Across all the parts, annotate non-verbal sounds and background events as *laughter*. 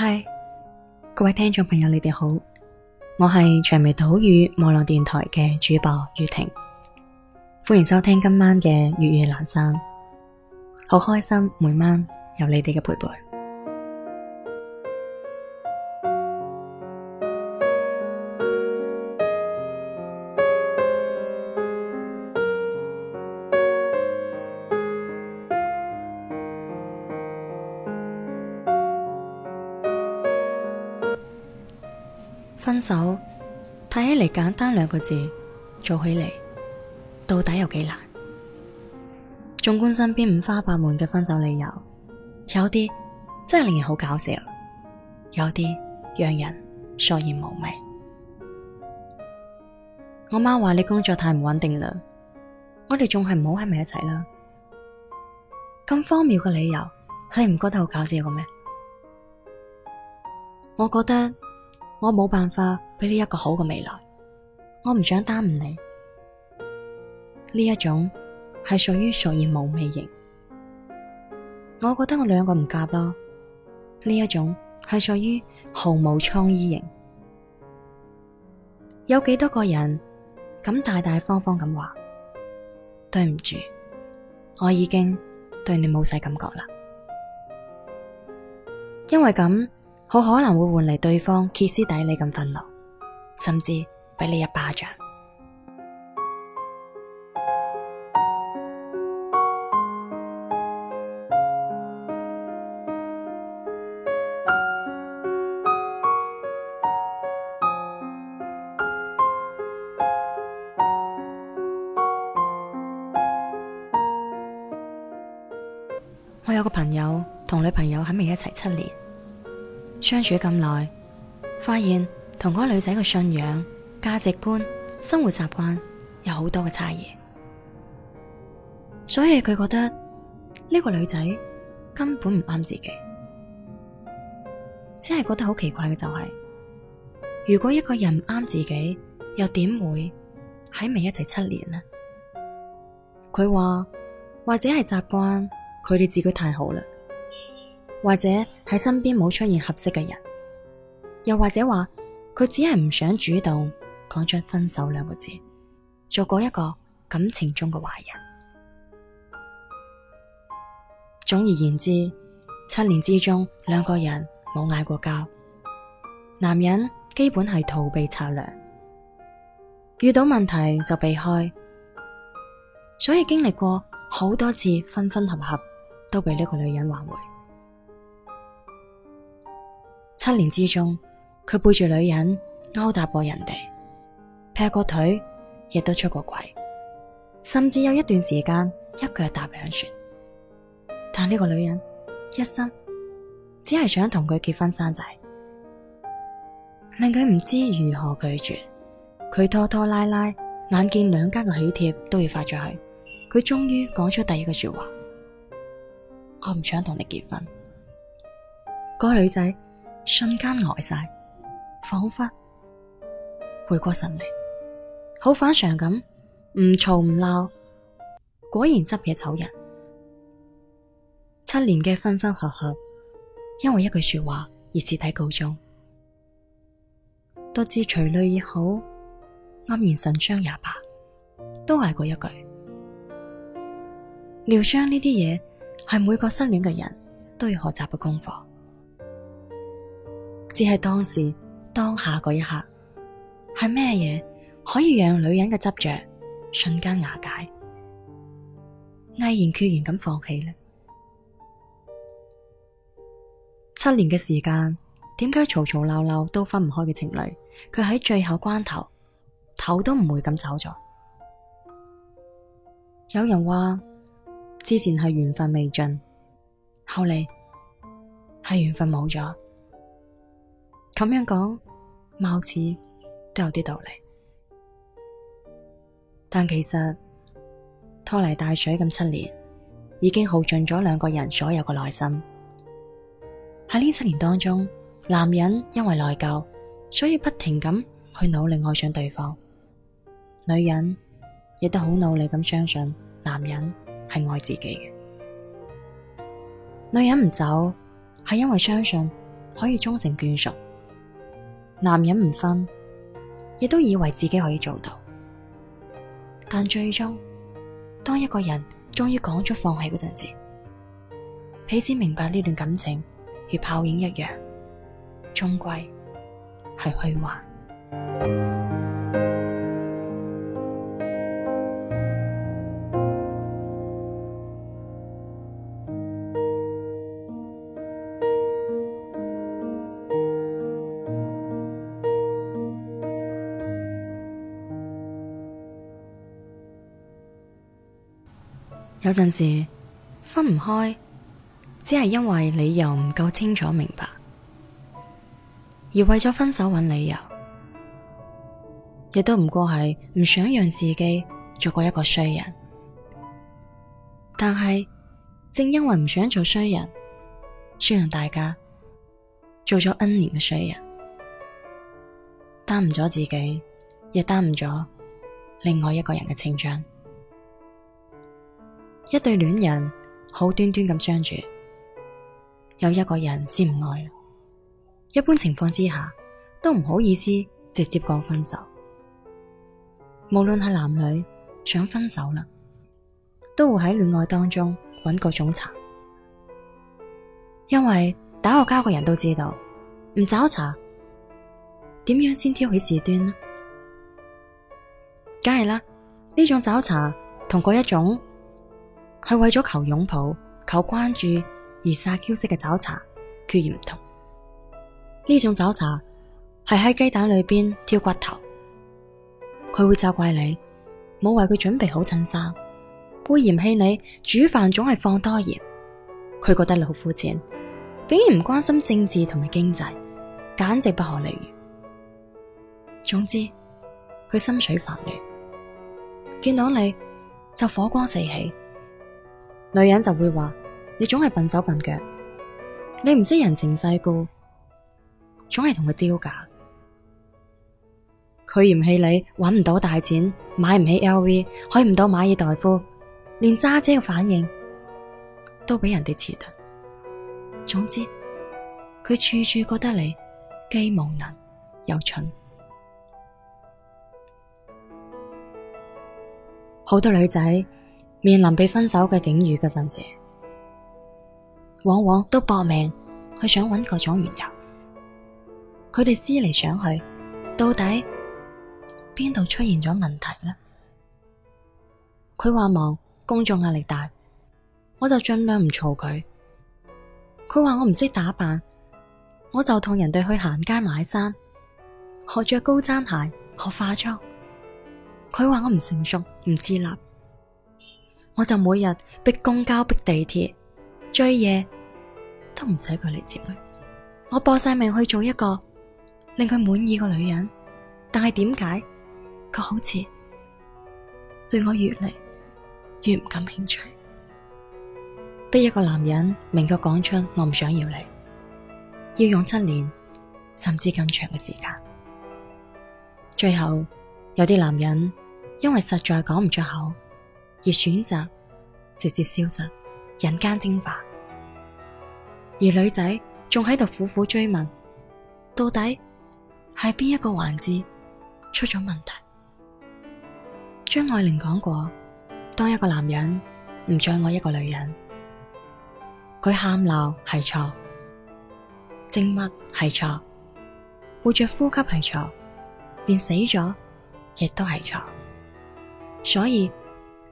嗨，Hi，各位聽眾朋友，你哋好，我係長眉島嶼網絡電台嘅主播宇婷，歡迎收聽今晚嘅粵語闌珊，好開心每晚有你哋嘅陪伴。分手，睇起嚟簡單兩個字，做起嚟到底有幾難？縱觀身邊五花八門嘅分手理由，有啲真係令人好搞笑，有啲讓人索然無味。我媽話你工作太唔穩定啦，我哋仲係唔好喺埋一齊啦。咁荒謬嘅理由，你唔覺得好搞笑嘅咩？我覺得。我冇辦法俾你一個好嘅未來，我唔想耽誤你。呢一種係屬於索然無味型，我覺得我兩個唔夾咯。呢一種係屬於毫無創意型，有幾多個人咁大大方方咁話，對唔住，我已經對你冇晒感覺啦，因為咁。好可能會換嚟對方歇斯底里咁憤怒，甚至俾你一巴掌。 *music* 我有個朋友同女朋友喺埋一齊七年。相處咁耐，發現同嗰女仔嘅信仰、價值觀、生活習慣有好多嘅差異，所以佢覺得呢個女仔根本唔啱自己。只係覺得好奇怪嘅就係，如果一個人唔啱自己，又點會喺埋一齊七年呢？佢話或者係習慣佢哋自己太好啦。或者喺身邊冇出現合適嘅人，又或者話佢只係唔想主動講出分手兩個字，做過一個感情中嘅壞人。總而言之，七年之中兩個人冇嗌過交，男人基本係逃避策略，遇到問題就避開，所以經歷過好多次分分合合，都俾呢個女人挽回。七年之中，佢背住女人勾搭過人哋，劈過腿，亦都出過軌，甚至有一段時間一腳踏兩船。但呢個女人一心只係想同佢結婚生仔，令佢唔知如何拒絕。佢拖拖拉拉，眼見兩家嘅喜帖都要發出去，佢終於講出第二個說話：我唔想同你結婚。嗰、那個女仔。瞬間呆晒，恍惚，回過神嚟，好反常咁，唔嘈唔鬧，果然執嘢走人。七年嘅分分合合，因為一句說話而徹底告終，獨自垂淚也好，黯然神傷也罷，都係嗰一句療傷呢啲嘢，係每個失戀嘅人都要學習嘅功課。只係當時當下嗰一刻，係咩嘢可以讓女人嘅執着瞬間瓦解？毅然決然咁放棄呢？七年嘅時間，點解嘈嘈鬧鬧都分唔開嘅情侶，佢喺最後關頭頭都唔會咁走咗？有人話之前係緣分未盡，後嚟係緣分冇咗。咁樣講，貌似都有啲道理，但其實拖泥帶水咁七年，已經耗盡咗兩個人所有嘅耐心。喺呢七年當中，男人因為內疚，所以不停咁去努力愛上對方；女人亦都好努力咁相信男人係愛自己嘅。女人唔走係因為相信可以終成眷屬。男人唔分，亦都以為自己可以做到。但最終，當一個人終於講咗放棄嗰陣時，彼此明白呢段感情如泡影一樣，終歸係虛幻。嗰陣時分唔開，只係因為理由唔夠清楚明白，而為咗分手揾理由，亦都唔過係唔想讓自己做過一個衰人。但係正因為唔想做衰人，雖然大家做咗 N 年嘅衰人，耽誤咗自己，亦耽誤咗另外一個人嘅青春。一對戀人好端端咁相處，有一個人先唔愛啦。一般情況之下，都唔好意思直接講分手。無論係男女，想分手啦，都會喺戀愛當中搵各種茬，因為打過交嘅人都知道，唔找茬點樣先挑起事端呢？梗係啦，呢種找茬同嗰一種。係為咗求擁抱、求關注而撒嬌式嘅找碴，決然唔同。呢種找碴係喺雞蛋裏邊挑骨頭。佢會責怪你冇為佢準備好襯衫，會嫌棄你煮飯總係放多鹽。佢覺得你好膚淺，竟然唔關心政治同埋經濟，簡直不可理喻。總之，佢心緒煩亂，見到你就火光四起。女人就會話：你總係笨手笨腳，你唔識人情世故，總係同佢丟架。佢嫌棄你揾唔到大錢，買唔起 LV，去唔到馬爾代夫，連揸姐嘅反應都俾人哋遲得。總之，佢處處覺得你既無能又蠢。好多女仔面臨被分手嘅境遇嗰陣時，往往都搏命去想揾各種緣由。佢哋思嚟想去，到底邊度出現咗問題呢？佢話忙，工作壓力大，我就盡量唔嘈佢。佢話我唔識打扮，我就同人哋去行街買衫，學着高踭鞋，學化妝。佢話我唔成熟，唔自立。我就每日逼公交逼地鐵，追夜都唔使佢嚟接佢。我搏晒命去做一個令佢滿意嘅女人，但係點解佢好似對我越嚟越唔感興趣？逼一個男人明確講出我唔想要你，要用七年甚至更長嘅時間。最後有啲男人因為實在講唔出口，而選擇直接消失，人間蒸發，而女仔仲喺度苦苦追問，到底係邊一個環節出咗問題？張愛玲講過：當一個男人唔再愛一個女人，佢喊鬧係錯，靜默係錯，活着呼吸係錯，連死咗亦都係錯。所以。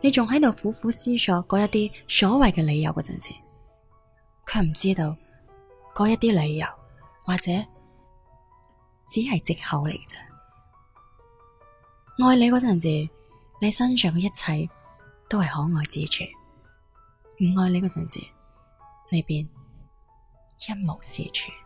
你仲喺度苦苦思索嗰一啲所謂嘅理由嗰陣時，卻唔知道嗰一啲理由或者只係借口嚟咋。愛你嗰陣時，你身上嘅一切都係可愛之處；唔愛你嗰陣時，你便一無是處。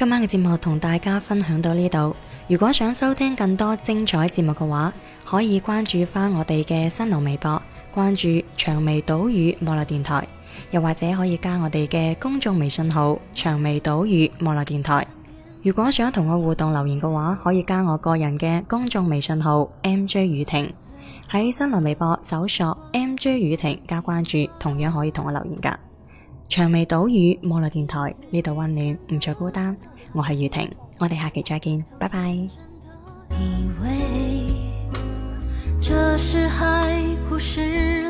今晚嘅節目同大家分享到呢度。如果想收聽更多精彩節目嘅話，可以關注翻我哋嘅新浪微博，關注長眉島嶼網絡電台，又或者可以加我哋嘅公眾微信號長眉島嶼網絡電台。如果想同我互動留言嘅話，可以加我個人嘅公眾微信號 NJ 宇婷。喺新浪微博搜索 NJ 宇婷加關注，同樣可以同我留言噶。長尾島嶼莫來電台，呢度溫暖，唔再孤單。我係宇婷，我哋下期再見，拜拜。 *music*